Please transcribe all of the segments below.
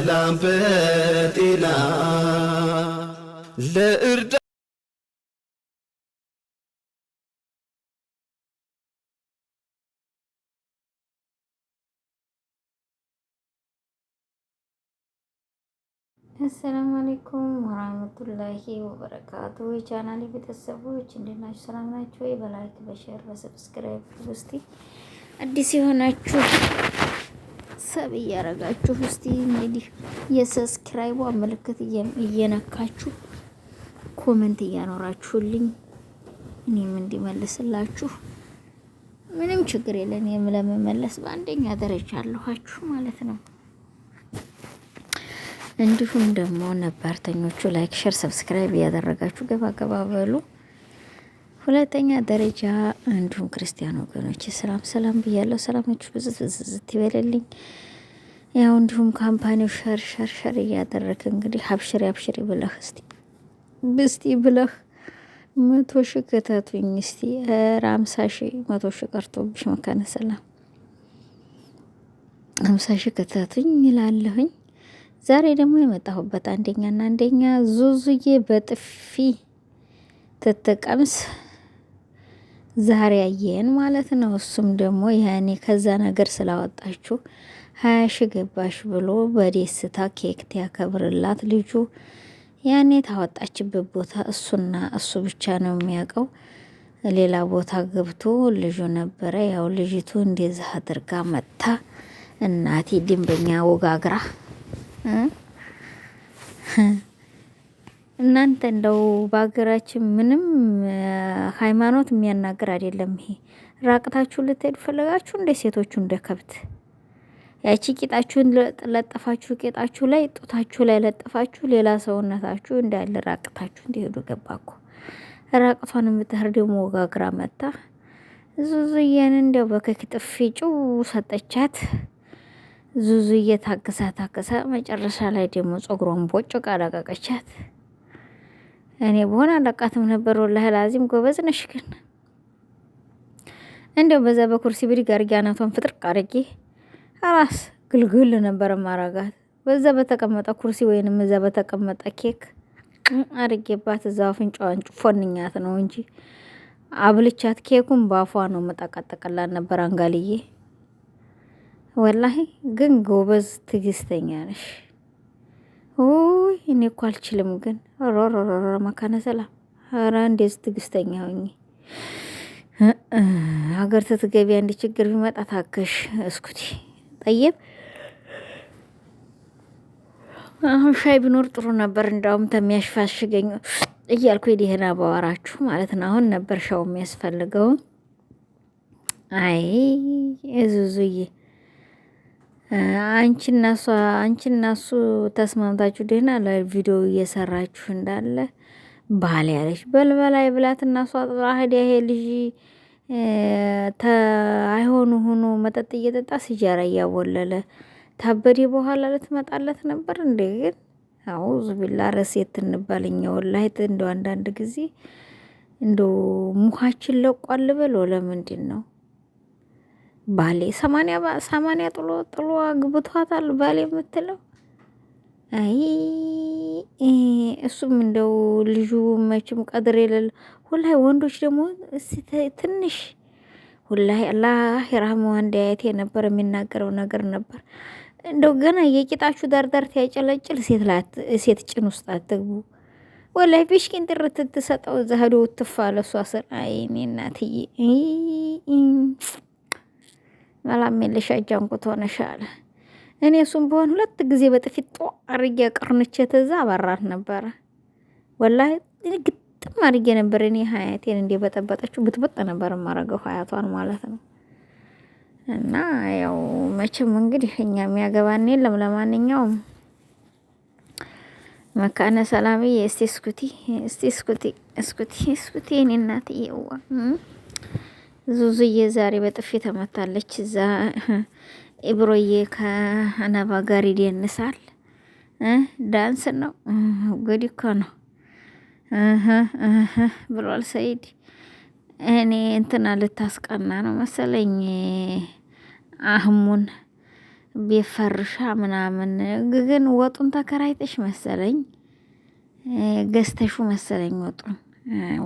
በሰላም በጤና ለእርዳ አሰላሙ አሌይኩም ወራህመቱላሂ ወበረካቱ። የቻናል ቤተሰቦች እንዴት ናችሁ? ሰላም ናችሁ ወይ? በላይክ በሸር በሰብስክራይብ ውስጥ አዲስ የሆናችሁ ሰብ እያረጋችሁ እስቲ እንግዲህ የሰብስክራይቧ ምልክት እየነካችሁ ኮመንት እያኖራችሁልኝ እኔም እንዲመልስላችሁ ምንም ችግር የለን። እኔም ለመመለስ በአንደኛ ደረጃ አለኋችሁ ማለት ነው። እንዲሁም ደግሞ ነባርተኞቹ ላይክ፣ ሸር፣ ሰብስክራይብ እያደረጋችሁ ገባ ገባ በሉ። ሁለተኛ ደረጃ እንዲሁም ክርስቲያን ወገኖች ሰላም ሰላም ብያለሁ። ሰላሞች ብዙ ብዝዝት ይበልልኝ። ያው እንዲሁም ካምፓኒው ሸር ሸር ሸር እያደረግ እንግዲህ ሀብሽሪ ሀብሽሪ ብለህ እስቲ ብስቲ ብለህ መቶ ሺ ክተቱኝ እስቲ ራምሳ ሺ መቶ ሺ ቀርቶብሽ መካነ ሰላም አምሳ ሺ ክተቱኝ ይላለሁኝ። ዛሬ ደግሞ የመጣሁበት አንደኛና አንደኛ ዙዙዬ በጥፊ ትትቀምስ ዛሬ አየን ማለት ነው። እሱም ደግሞ ያኔ ከዛ ነገር ስላወጣችሁ ሀያ ሺ ገባሽ ብሎ በደስታ ኬክ ያከብርላት ልጁ። ያኔ ታወጣችበት ቦታ እሱና እሱ ብቻ ነው የሚያውቀው። ሌላ ቦታ ገብቶ ልጁ ነበረ። ያው ልጅቱ እንደዛ አድርጋ መታ እናቴ ድንበኛ ወጋግራ እናንተ እንደው በሀገራችን ምንም ሃይማኖት የሚያናግር አይደለም። ይሄ ራቅታችሁ ልትሄዱ ፈለጋችሁ እንደ ሴቶቹ እንደ ከብት ያቺ ቂጣችሁን ለጠፋችሁ፣ ቂጣችሁ ላይ ጡታችሁ ላይ ለጠፋችሁ፣ ሌላ ሰውነታችሁ እንዳለ ራቅታችሁ እንዲሄዱ ገባኩ። ራቅቷን የምትህር ደግሞ ወጋግራ መታ ዙዙዬን እንዲያው በከክ ጥፊ ጭው ሰጠቻት። ዙዙዬ ታግሳ ታግሳ መጨረሻ ላይ ደግሞ ጸጉሯን ቦጭ ቃላቀቀቻት። እኔ በሆን አለቃትም ነበር። ወላሂ ላዚም ጎበዝ ነሽ ግን እንደው በዛ በኩርሲ ብድግ አርጌ አናቷን ፍጥርቅ አርጌ አራስ ግልግል ነበር ማራጋት በዛ በተቀመጠ ኩርሲ ወይንም እዛ በተቀመጠ ኬክ አርጌባት እዛ አፍንጫዋን ፎንኛት ነው እንጂ አብልቻት ኬኩን ባፏ ነው መጣቃጠቀላን ነበር አንጋልዬ። ወላሂ ግን ጎበዝ ትግስተኛ ነሽ። ውይ እኔ እኮ አልችልም ግን ሮሮሮሮ መካነ ሰላም ኧረ እንዴት ትዕግስተኛ ሆኜ ሀገር ትትገቢ አንድ ችግር ቢመጣ ታከሽ እስኩቲ ጠየብ አሁን ሻይ ቢኖር ጥሩ ነበር። እንዳውም ተሚያሽፋሽገኝ እያልኩ ዲህና ባወራችሁ ማለት ነው። አሁን ነበር ሻው የሚያስፈልገው። አይ እዙዙዬ አንቺና እሷ አንቺና እሱ ተስማምታችሁ ደህና ለቪዲዮ እየሰራችሁ እንዳለ ባል ያለች በልበላይ ብላት እና እሷ ጥራ ሄዳ ይሄ ልጅ አይሆኑ ሆኖ መጠጥ እየጠጣ ሲጃራ እያቦለለ ታበዲ በኋላ ልትመጣለት ነበር እንዴ? ግን አውዙ ቢላ ረሴት እንባልኛ ወላይት እንደ አንዳንድ ጊዜ እንደው ሙሃችን ለቋል ብሎ ለምንድን ነው ባሌ ሰማንያ ሰማንያ ጥሎ ጥሎ አግብቷታል። ባሌ የምትለው አይ እሱም እንደው ልጁ መቼም ቀድር የለል። ሁላይ ወንዶች ደግሞ ትንሽ ሁላይ አላህ የራህመው አንድ አያት ነበር የሚናገረው ነገር ነበር። እንደው ገና የቂጣችሁ ዳርዳር ያጨለጭል ሴት ጭን ውስጥ አትግቡ። ወላይ ቢሽኪን ጥርት ትሰጠው እዛ ሄዶ ትፋለሷ አይኔ እናትዬ መላሜልሽ አጃንቁት ሆነሻል። እኔ እሱም በሆን ሁለት ጊዜ በጥፊት ጦ አርጌ ቅርንቼ ተዛ አባራት ነበረ። ወላሂ ግጥም አርጌ ነበር። እኔ ሀያቴን እንደ በጠበጠችው ብትበጥ ነበር ማረገው ሀያቷን ማለት ነው። እና ያው መቼም እንግዲህ እኛ የሚያገባን የለም። ለማንኛውም መካነ ሰላምዬ እስቲ እስኩቲ እስቲ እስኩቲ እስኩቲ እስኩቲ እኔ እናትዬዋ ዙዙዬ ዛሬ በጥፊ ተመታለች። እዛ ኢብሮዬ ከአናባ ጋር ይደንሳል። ዳንስ ነው ጉድ እኮ ነው ብሏል ሰይድ። እኔ እንትና ልታስቀና ነው መሰለኝ አህሙን ቤፈርሻ ምናምን ግን ወጡን ተከራይተሽ መሰለኝ ገዝተሹ መሰለኝ ወጡን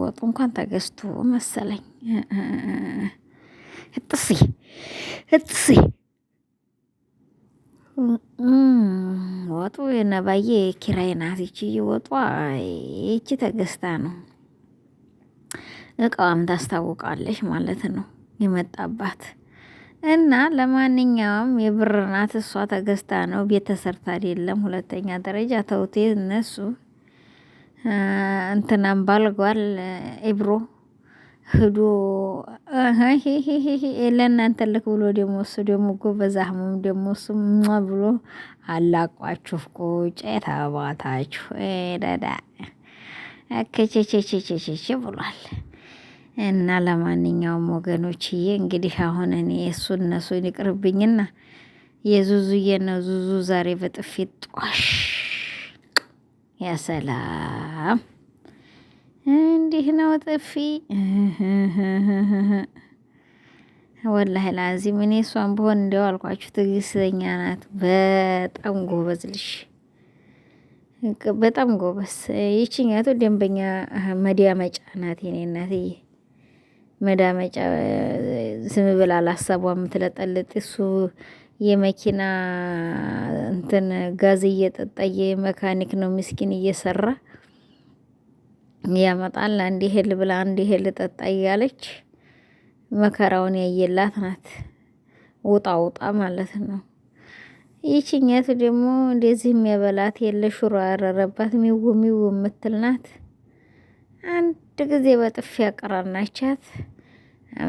ወጡ እንኳን ተገዝቶ መሰለኝ እጥሲ እጥሲ ወጡ የነባዬ ኪራይ ናት። ይቺ ወጧ ይቺ ተገዝታ ነው። እቃዋም ታስታውቃለች ማለት ነው የመጣባት እና ለማንኛውም የብር ናት እሷ ተገዝታ ነው። ቤት ተሰርታ አይደለም። ሁለተኛ ደረጃ ተውቴ እነሱ እንትናም ባልጓል ኢብሮ ህዶ ለእናንተ ልክ ብሎ ደሞ እሱ ደሞ ጎበዝ አህሙም ደሞ እሱ ብሎ አላቋችሁ ቁጭ ተባታችሁ ዳዳ ከቼቼቼቼቼቼ ብሏል። እና ለማንኛውም ወገኖችዬ እንግዲህ አሁን እኔ እሱ እነሱን ይቅርብኝና የዙዙዬ ነው ዙዙ ዛሬ በጥፊት ጧሽ ያሰላም እንዲህ ነው ጥፊ። ወላሂ ላዚም እኔ እሷን በሆን እንዲያው አልኳችሁ፣ ትዕግስተኛ ናት። በጣም ጎበዝ ልሽ በጣም ጎበዝ። ይችኛቱ ደንበኛ መዲያ መጫ ናት። የኔ እናትዬ መዳመጫ ስም ብላ ላሳቧ የምትለጠልጥ እሱ የመኪና እንትን ጋዝ እየጠጣ የመካኒክ ነው ምስኪን እየሰራ ያመጣል። አንድ ይሄ ብላ አንድ ይሄ ጠጣ እያለች መከራውን ያየላት ናት። ውጣ ውጣ ማለት ነው። ይችኛት ደግሞ እንደዚህ የሚያበላት የለ ሹሮ ያረረባት ሚው ሚው የምትል ናት። አንድ ጊዜ በጥፊ ያቀራናቻት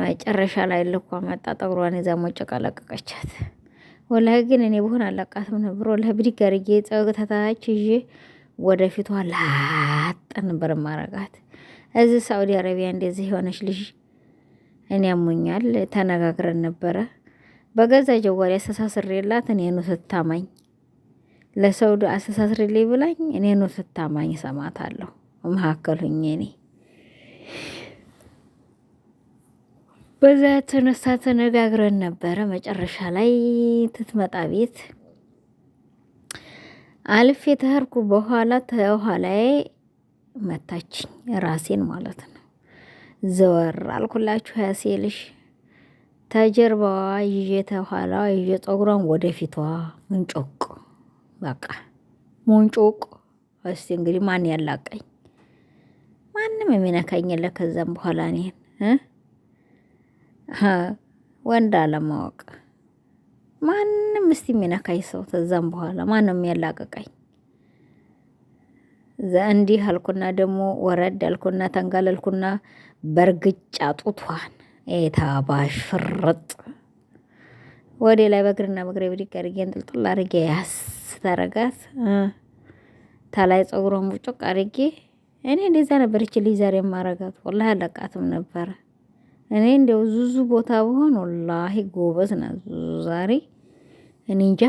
መጨረሻ ላይ ልኳ መጣ ጠጉሯን ይዛ ሞጨቃ ለቀቀቻት። ወላሂ ግን እኔ ብሆን አላቃትም ነበር። ወላሂ ብድግ አድርጌ ጸግታታች ይዤ ወደፊቷ ላጥ ነበር ማረጋት። እዚ ሳኡዲ አረቢያ እንደዚህ የሆነች ልጅ እኔ ያሙኛል ተነጋግረን ነበረ። በገዛ ጀዋሪ አስተሳስሬላት እኔ ነው ስታማኝ ለሰውድ አስተሳስሬልኝ ብላኝ እኔ ነው ስታማኝ ሰማታለሁ መካከል ሁኜ እኔ በዛ የተነሳ ተነጋግረን ነበረ። መጨረሻ ላይ ትትመጣ ቤት አልፌ የተህርኩ በኋላ ተኋላዬ መታችኝ፣ ራሴን ማለት ነው። ዘወር አልኩላችሁ ያሴልሽ ተጀርባዋ ይዤ ተኋላዋ ይዤ ፀጉሯን ወደፊቷ ምንጮቅ በቃ ሙንጮቅ። እስቲ እንግዲህ ማን ያላቀኝ? ማንም የሚነካኝ የለ ከዛም በኋላ እኔን ወንድ አለማወቅ ማንም እስቲ የሚነካኝ ሰው ተዛም በኋላ ማንም ያላቀቀኝ እንዲህ አልኩና ደግሞ ወረድ አልኩና ተንጋለልኩና በእርግጫ ጡቷን የታባሽ ፍርጥ ወደ ላይ በእግርና በእግሬ ብድግ አድርጌ እንጥልጥል አድርጌ ያስ ተረጋት ታላይ ፀጉሯን ቡጮቅ አድርጌ እኔ እንደዛ ነበር። ይች ልጅ ዛሬ ማረጋት ወላሂ አለቃትም ነበረ። እኔ እንደው ዙዙ ቦታ ብሆን ወላሂ ጎበዝ ነው ዙዙ ዛሬ እኔ እንጃ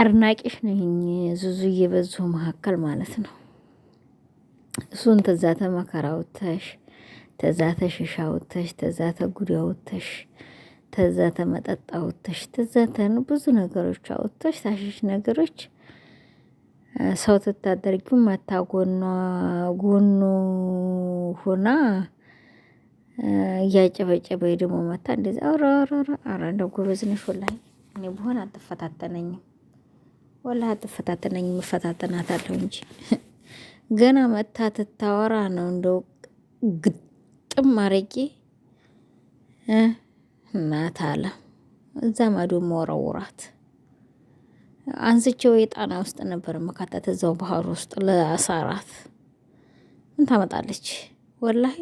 አድናቂሽ ነኝ ዙዙ በዚሁ መካከል ማለት ነው። እሱን ተዛተ መከራ ተዛ ተዛተ ሽሻ አውጥተሽ፣ ተዛተ ጉድ ተዛ ተዛተ መጠጥ አውጥተሽ፣ ተዛተ ብዙ ነገሮች አውጥተሽ ታሽሽ ነገሮች ሰው ትታደርጊው መታ ጎኗ ጎኑ ሆና እያጨበጨበ ደግሞ መታ እንደዚ አረ አረ አረ ጎበዝ ነሽ ወላሂ። እኔ ብሆን አትፈታተነኝም ወላ አትፈታተነኝም፣ እፈታተናታለሁ እንጂ ገና መታ ትታወራ ነው እንደው ግጥም አረቄ እናት አለ እዛ ማዶ መወረውራት አንስቼው የጣና ውስጥ ነበር መካተት እዛው ባህር ውስጥ ለአሳራት ምን ታመጣለች? ወላሂ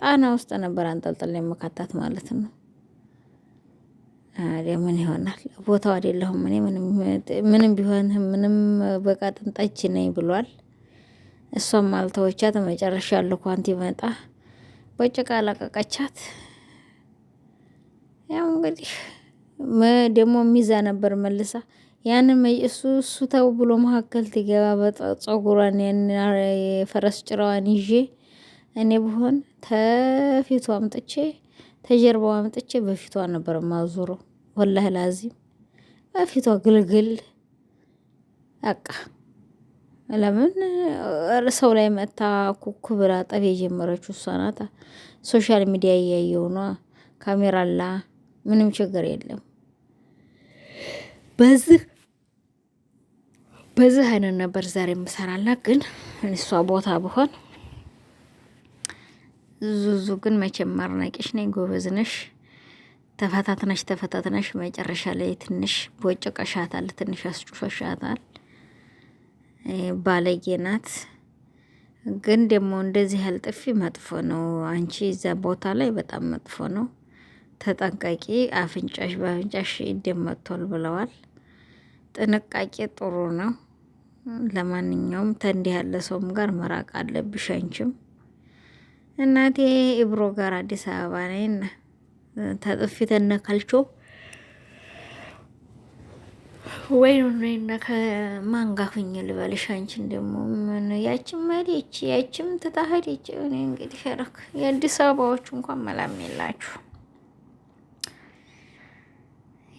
ጣና ውስጥ ነበር አንጠልጥል መካታት ማለት ነው። ምን ይሆናል? ቦታው አይደለሁም እኔ ምንም ቢሆን ምንም በቃ ጥንጣች ነኝ ብሏል። እሷም ማልተወቻት መጨረሻ ልኳንት ይመጣ በጭቃ ለቀቀቻት። ያው እንግዲህ ደግሞ ሚዛ ነበር መልሳ ያንን እሱ እሱ ተው ብሎ መካከል ትገባ ፀጉሯን የፈረስ ጭራዋን ይዤ እኔ ብሆን ተፊቱ አምጥቼ ተጀርባው አምጥቼ በፊቷ ነበር ማዞሮ። ወላህ ላዚም በፊቷ ግልግል አቃ ለምን ሰው ላይ መታ ኩኩ ብላ ጠብ የጀመረችው እሷ ናታ። ሶሻል ሚዲያ እያየው ነ ካሜራላ ምንም ችግር የለም በዚህ በዚህ አይነት ነበር ዛሬ የምሰራላ ግን እሷ ቦታ ብሆን ዙዙ ግን መቼም ማርናቂሽ ነኝ፣ ጎበዝ ነሽ። ተፈታትነሽ ተፈታትነሽ መጨረሻ ላይ ትንሽ ቦጭቀሻታል፣ ትንሽ አስጩፈሻታል። ባለጌ ናት። ግን ደግሞ እንደዚህ ያህል ጥፊ መጥፎ ነው። አንቺ እዛ ቦታ ላይ በጣም መጥፎ ነው። ተጠንቀቂ። አፍንጫሽ በአፍንጫሽ ደም መጥቷል ብለዋል። ጥንቃቄ ጥሩ ነው። ለማንኛውም ተንዲህ ያለ ሰውም ጋር መራቅ አለብሽ አንቺም። እናቴ እብሮ ጋር አዲስ አበባ ነይና ተጥፊ ተነካልቾ ወይ ነይና ከማንጋ ሁኝ ልበልሽ። አንቺን ደግሞ ምን ያቺም መሪች ያቺም ትታህሪች እኔ እንግዲህ ረክ የአዲስ አበባዎቹ እንኳን መላም የላችሁ።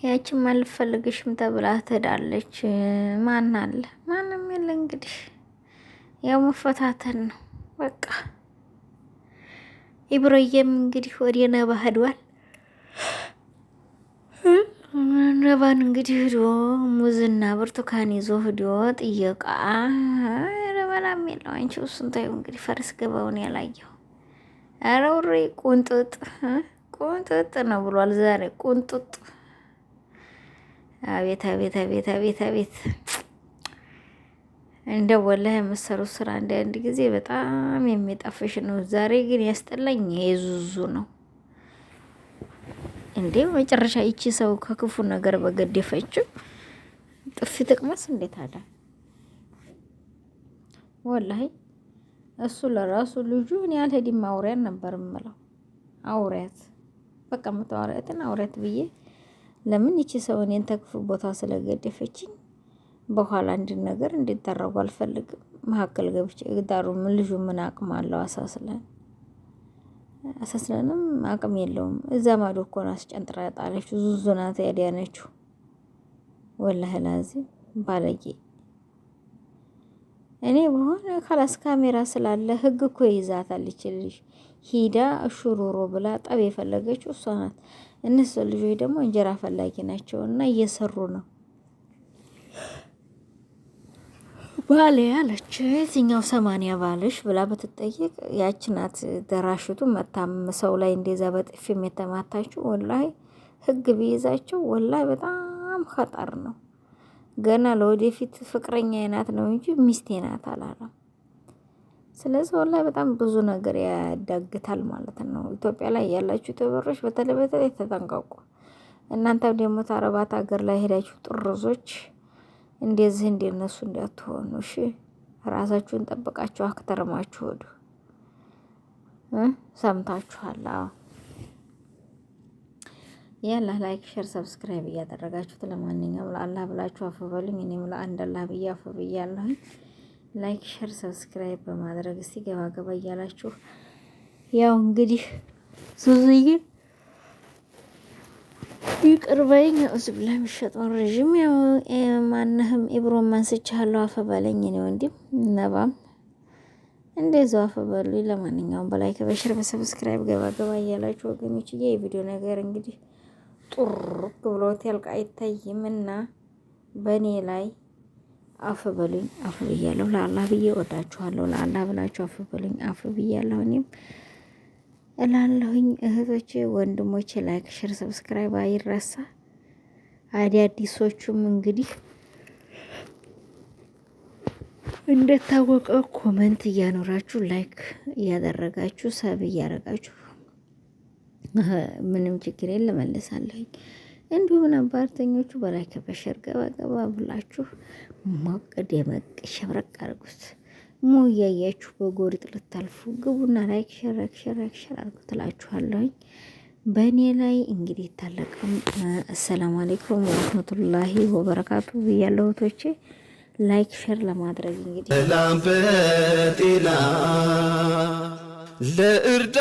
ያችም አልፈልግሽም ተብላ ትሄዳለች። ማን አለ? ማንም የለ። እንግዲህ ያው መፈታተን ነው በቃ። ኢብሮዬም እንግዲህ ወደ ነባ ሄዷል። ነባን እንግዲህ ሂዶ ሙዝና ብርቱካን ይዞ ሂዶ ጥየቃ ረበላም የለው አንቺ ውስንታዩ እንግዲህ ፈረስ ገባውን ያላየው ረውሬ ቁንጥጥ ቁንጥጥ ነው ብሏል ዛሬ ቁንጥጥ አቤት አቤት አቤት አቤት አቤት እንደ ወላሂ የምሰሩት ስራ አንዳንድ ጊዜ በጣም የሚጠፍሽ ነው። ዛሬ ግን ያስጠላኝ የዙዙ ነው እንዴ! መጨረሻ ይቺ ሰው ከክፉ ነገር በገደፈችው ጥፊ ጥቅመስ እንዴት አለ ወላሂ። እሱ ለራሱ ልጁ እኔ አልሄድም አውሪያን ነበር ምለው አውሪያት በቃ ምታወሪያትን አውሪያት ብዬ ለምን ይቺ ሰው እኔን ተክፉ ቦታ ስለገደፈችኝ በኋላ አንድ ነገር እንዲደረጉ አልፈልግም። መካከል ገብቼ እግዳሩ ምን ልጁ ምን አቅም አለው? አሳስለን አሳስለንም አቅም የለውም። እዛ ማዶ እኮ ነው አስጨንጥራ ጣለችው። ዙዙ ናት ያዳነችው። ወላሂ ላዚ ባለጌ። እኔ በሆነ ካላስ ካሜራ ስላለ ህግ እኮ ይዛታል። ይችልሽ ሂዳ እሹሩሮ ብላ ጠብ የፈለገችው እሷ ናት። እነሱ ልጆች ደግሞ እንጀራ ፈላጊ ናቸው እና እየሰሩ ነው። ባሌ አለች የትኛው ሰማንያ ባልሽ ብላ ብትጠየቅ ያች ደራሽቱ። መታም ሰው ላይ እንደዛ በጥፊም የተማታችው ወላሂ ህግ ቢይዛቸው ወላሂ በጣም ከጠር ነው። ገና ለወደፊት ፍቅረኛ ናት ነው እንጂ ሚስቴ ናት አላለም። ስለዚህ ላይ በጣም ብዙ ነገር ያዳግታል ማለት ነው። ኢትዮጵያ ላይ ያላችሁ ተበሮች በተለይ በተለይ ተጠንቀቁ። እናንተም ደግሞ ታረባት ሀገር ላይ ሄዳችሁ ጥርዞች እንደዚህ እንደነሱ እንዳትሆኑ እሺ። ራሳችሁን ጠብቃችሁ አክተርማችሁ ወዱ ሰምታችኋል? አዎ። ያላ ላይክ፣ ሼር፣ ሰብስክራይብ እያደረጋችሁት ለማንኛውም ለአላህ ብላችሁ አፈበሉኝ። እኔም ለአንድ አላህ ብዬ አፈብያለሁኝ። ላይክ፣ ሸር፣ ሰብስክራይብ በማድረግ እስቲ ገባ ገባ እያላችሁ ያው እንግዲህ ሱዙዬ ይቅር በይኝ። አውዝ ብላ የሚሸጠውን ረዥም ማነህም ኢብሮን ማንስቻለሁ አፈበለኝ እኔ ወንድም ነባም እንደዛው አፈበሉ። ለማንኛውም በላይክ በሸር በሰብስክራይብ ገባ ገባ እያላችሁ ወገኖች እየ የቪዲዮ ነገር እንግዲህ ጡርቅ ብሎት ያልቅ አይታይም እና በእኔ ላይ አፍ በሉኝ አፍ ብያለሁ። ለአላህ ብዬ ወዳችኋለሁ። ለአላህ ብላችሁ አፍ በሉኝ አፍ ብያለሁ። እኔም እላለሁኝ እህቶቼ፣ ወንድሞቼ ላይክ፣ ሽር፣ ሰብስክራይብ አይረሳ። አዳዲሶቹም እንግዲህ እንደታወቀ ኮመንት እያኖራችሁ ላይክ እያደረጋችሁ ሰብ እያደረጋችሁ ምንም ችግር የለም እመልሳለሁኝ። እንዲሁም ነባርተኞቹ በላይ ከበሸር ገባ ገባ ብላችሁ ሞቅ ደመቅ ሸብረቅ አድርጉት። ሙ እያያችሁ በጎሪጥ ልታልፉ ግቡና ላይክ ሸር ሸረክ ሸር ላይክ ሸር በእኔ ላይ እንግዲህ ይታለቅም። አሰላሙ አሌይኩም ወረህመቱላሂ ወበረካቱ ብያለሁ። እህቶቼ ላይክ ሸር ለማድረግ እንግዲህ ለእርዳ